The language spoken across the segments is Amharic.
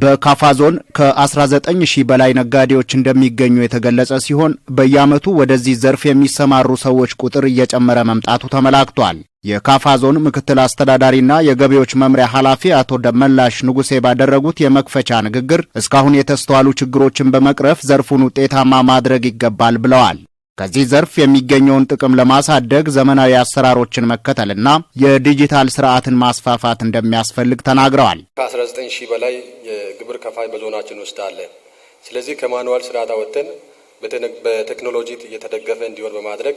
በካፋ ዞን ከ19 ሺህ በላይ ነጋዴዎች እንደሚገኙ የተገለጸ ሲሆን በየዓመቱ ወደዚህ ዘርፍ የሚሰማሩ ሰዎች ቁጥር እየጨመረ መምጣቱ ተመላክቷል። የካፋ ዞን ምክትል አስተዳዳሪና የገቢዎች መምሪያ ኃላፊ አቶ ደመላሽ ንጉሴ ባደረጉት የመክፈቻ ንግግር እስካሁን የተስተዋሉ ችግሮችን በመቅረፍ ዘርፉን ውጤታማ ማድረግ ይገባል ብለዋል። ከዚህ ዘርፍ የሚገኘውን ጥቅም ለማሳደግ ዘመናዊ አሰራሮችን መከተልና የዲጂታል ስርዓትን ማስፋፋት እንደሚያስፈልግ ተናግረዋል። ከ19 ሺህ በላይ የግብር ከፋይ በዞናችን ውስጥ አለ። ስለዚህ ከማኑዋል ስርዓት አወጥተን በቴክኖሎጂ እየተደገፈ እንዲሆን በማድረግ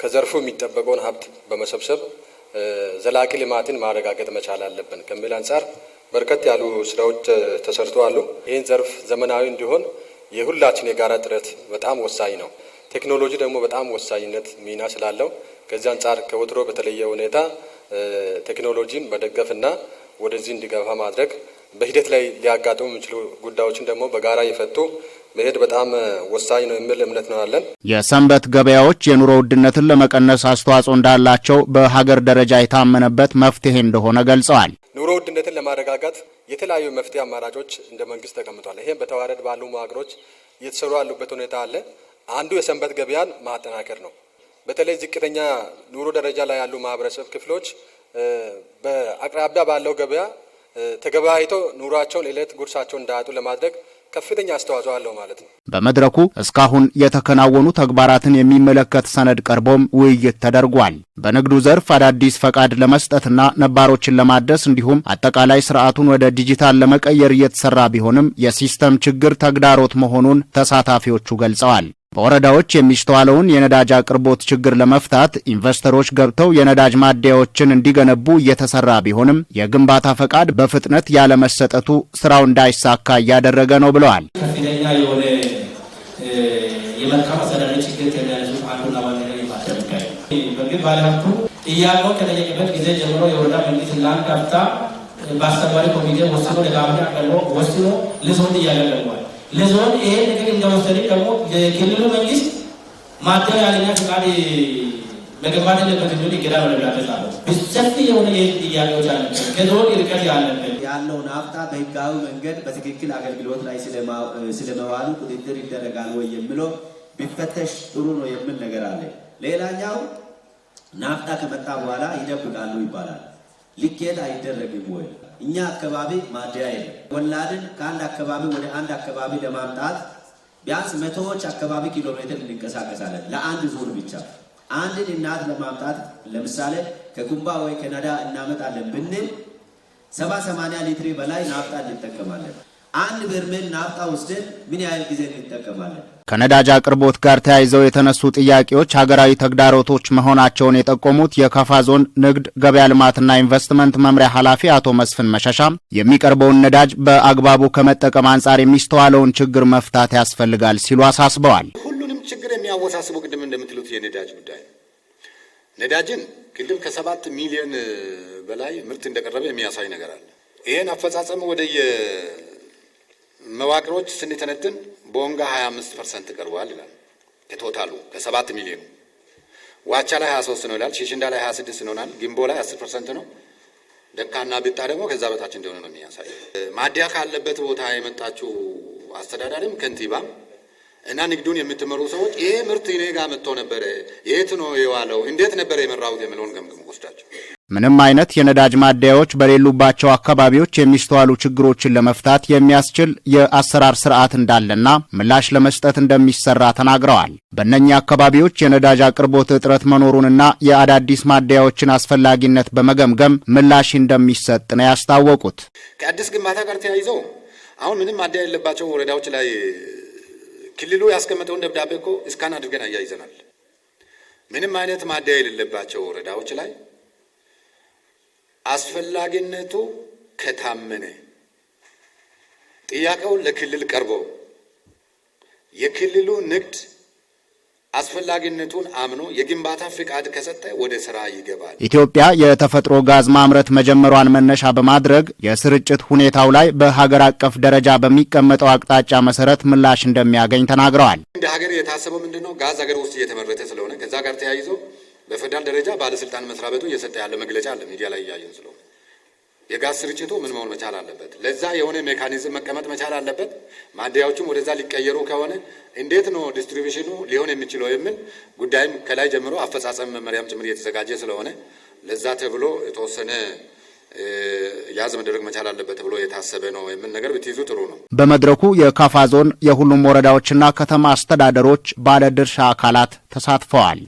ከዘርፉ የሚጠበቀውን ሀብት በመሰብሰብ ዘላቂ ልማትን ማረጋገጥ መቻል አለብን ከሚል አንጻር በርከት ያሉ ስራዎች ተሰርተዋል። ይህን ዘርፍ ዘመናዊ እንዲሆን የሁላችን የጋራ ጥረት በጣም ወሳኝ ነው። ቴክኖሎጂ ደግሞ በጣም ወሳኝነት ሚና ስላለው ከዚህ አንጻር ከወትሮ በተለየ ሁኔታ ቴክኖሎጂን መደገፍና ወደዚህ እንዲገፋ ማድረግ በሂደት ላይ ሊያጋጥሙ የሚችሉ ጉዳዮችን ደግሞ በጋራ የፈቱ መሄድ በጣም ወሳኝ ነው የሚል እምነት ነው ያለን። የሰንበት ገበያዎች የኑሮ ውድነትን ለመቀነስ አስተዋጽኦ እንዳላቸው በሀገር ደረጃ የታመነበት መፍትሄ እንደሆነ ገልጸዋል። ኑሮ ውድነትን ለማረጋጋት የተለያዩ መፍትሄ አማራጮች እንደ መንግስት ተቀምጧል። ይህም በተዋረድ ባሉ መዋቅሮች እየተሰሩ ያሉበት ሁኔታ አለ። አንዱ የሰንበት ገበያን ማጠናከር ነው። በተለይ ዝቅተኛ ኑሮ ደረጃ ላይ ያሉ ማህበረሰብ ክፍሎች በአቅራቢያ ባለው ገበያ ተገበያይተው ኑሯቸውን የዕለት ጉርሳቸውን እንዳያጡ ለማድረግ ከፍተኛ አስተዋጽኦ አለው ማለት ነው። በመድረኩ እስካሁን የተከናወኑ ተግባራትን የሚመለከት ሰነድ ቀርቦም ውይይት ተደርጓል። በንግዱ ዘርፍ አዳዲስ ፈቃድ ለመስጠትና ነባሮችን ለማደስ እንዲሁም አጠቃላይ ስርዓቱን ወደ ዲጂታል ለመቀየር እየተሰራ ቢሆንም የሲስተም ችግር ተግዳሮት መሆኑን ተሳታፊዎቹ ገልጸዋል። በወረዳዎች የሚስተዋለውን የነዳጅ አቅርቦት ችግር ለመፍታት ኢንቨስተሮች ገብተው የነዳጅ ማደያዎችን እንዲገነቡ እየተሰራ ቢሆንም የግንባታ ፈቃድ በፍጥነት ያለመሰጠቱ ስራው እንዳይሳካ እያደረገ ነው ብለዋል። ከፍተኛ የሆነ የመልካም አስተዳደር ችግር አንዱና ዋነኛ በግብ ባለሀብቱ ከጠየቅበት ጊዜ ጀምሮ የወረዳ መንግስት በአስተባባሪ ኮሚቴ ወስኖ ለካቢኔ አቅርቦ ወስኖ ልሶት እያለ ለዞን ይሄን ነገር እንደወሰደ ደግሞ የክልሉ መንግስት ማደራልና ፍቃድ መገባት ያለበት እንዲሆን ይገዳ መረዳተጻለት ሰፊ የሆነ የህዝብ ጥያቄዎች አለበት ከዞን ርቀት ያለበት ያለውን ሀብታ በህጋዊ መንገድ በትክክል አገልግሎት ላይ ስለመዋሉ ቁጥጥር ይደረጋል ወይ የሚለው ቢፈተሽ ጥሩ ነው የሚል ነገር አለ። ሌላኛው ናፍጣ ከመጣ በኋላ ይደብቃሉ ይባላል። ልኬት አይደረግም ወይ? እኛ አካባቢ ማደያ የለም። ወላድን ከአንድ አካባቢ ወደ አንድ አካባቢ ለማምጣት ቢያንስ መቶዎች አካባቢ ኪሎ ሜትር እንንቀሳቀሳለን ለአንድ ዙር ብቻ። አንድን እናት ለማምጣት ለምሳሌ ከጉንባ ወይ ከነዳ እናመጣለን ብንል ሰባ ሰማንያ ሊትር በላይ ናፍጣ እንጠቀማለን። አንድ በርሜል ናፍጣ ወስደን ምን ያህል ጊዜ እንጠቀማለን? ከነዳጅ አቅርቦት ጋር ተያይዘው የተነሱ ጥያቄዎች ሀገራዊ ተግዳሮቶች መሆናቸውን የጠቆሙት የካፋ ዞን ንግድ ገበያ ልማትና ኢንቨስትመንት መምሪያ ኃላፊ አቶ መስፍን መሸሻ የሚቀርበውን ነዳጅ በአግባቡ ከመጠቀም አንጻር የሚስተዋለውን ችግር መፍታት ያስፈልጋል ሲሉ አሳስበዋል። ሁሉንም ችግር የሚያወሳስበው ቅድም እንደምትሉት የነዳጅ ጉዳይ ነዳጅን ቅድም ከሰባት ሚሊዮን በላይ ምርት እንደቀረበ የሚያሳይ ነገር አለ። ይህን አፈጻጸም ወደየ መዋቅሮች ስንተነትን ቦንጋ 25 ፐርሰንት ቀርቧል ይላል። ከቶታሉ ከሰባት ሚሊዮኑ ዋቻ ላይ 23 ነው ይላል። ሽሽንዳ ላይ 26 ይሆናል። ግንቦ ላይ 10 ፐርሰንት ነው። ደካና ብጣ ደግሞ ከዛ በታች እንደሆነ ነው የሚያሳይ። ማዲያ ካለበት ቦታ የመጣችው አስተዳዳሪም ከንቲባም እና ንግዱን የምትመሩ ሰዎች ይሄ ምርት እኔ ጋር መጥቶ ነበረ፣ የት ነው የዋለው፣ እንዴት ነበረ የመራሁት የሚለውን ገምግም ወስዳቸው ምንም አይነት የነዳጅ ማደያዎች በሌሉባቸው አካባቢዎች የሚስተዋሉ ችግሮችን ለመፍታት የሚያስችል የአሰራር ስርዓት እንዳለና ምላሽ ለመስጠት እንደሚሰራ ተናግረዋል። በእነኚህ አካባቢዎች የነዳጅ አቅርቦት እጥረት መኖሩንና የአዳዲስ ማደያዎችን አስፈላጊነት በመገምገም ምላሽ እንደሚሰጥ ነው ያስታወቁት። ከአዲስ ግንባታ ጋር ተያይዘው አሁን ምንም ማደያ የለባቸው ወረዳዎች ላይ ክልሉ ያስቀመጠውን ደብዳቤ እኮ እስካን አድርገን አያይዘናል። ምንም አይነት ማደያ የሌለባቸው ወረዳዎች ላይ አስፈላጊነቱ ከታመነ ጥያቄው ለክልል ቀርቦ የክልሉ ንግድ አስፈላጊነቱን አምኖ የግንባታ ፍቃድ ከሰጠ ወደ ስራ ይገባል። ኢትዮጵያ የተፈጥሮ ጋዝ ማምረት መጀመሯን መነሻ በማድረግ የስርጭት ሁኔታው ላይ በሀገር አቀፍ ደረጃ በሚቀመጠው አቅጣጫ መሰረት ምላሽ እንደሚያገኝ ተናግረዋል። እንደ ሀገር የታሰበው ምንድን ነው? ጋዝ ሀገር ውስጥ እየተመረተ ስለሆነ ከዛ ጋር ተያይዞ በፌዴራል ደረጃ ባለስልጣን መስሪያ ቤቱ እየሰጠ ያለ መግለጫ አለ። ሚዲያ ላይ እያየን ስለሆነ የጋዝ ስርጭቱ ምን መሆን መቻል አለበት፣ ለዛ የሆነ ሜካኒዝም መቀመጥ መቻል አለበት። ማደያዎቹም ወደዛ ሊቀየሩ ከሆነ እንዴት ነው ዲስትሪቢሽኑ ሊሆን የሚችለው የሚል ጉዳይም ከላይ ጀምሮ አፈጻጸም መመሪያም ጭምር እየተዘጋጀ ስለሆነ ለዛ ተብሎ የተወሰነ ያዝ መደረግ መቻል አለበት ብሎ የታሰበ ነው የምን ነገር ብትይዙ ጥሩ ነው። በመድረኩ የካፋ ዞን የሁሉም ወረዳዎችና ከተማ አስተዳደሮች ባለድርሻ አካላት ተሳትፈዋል።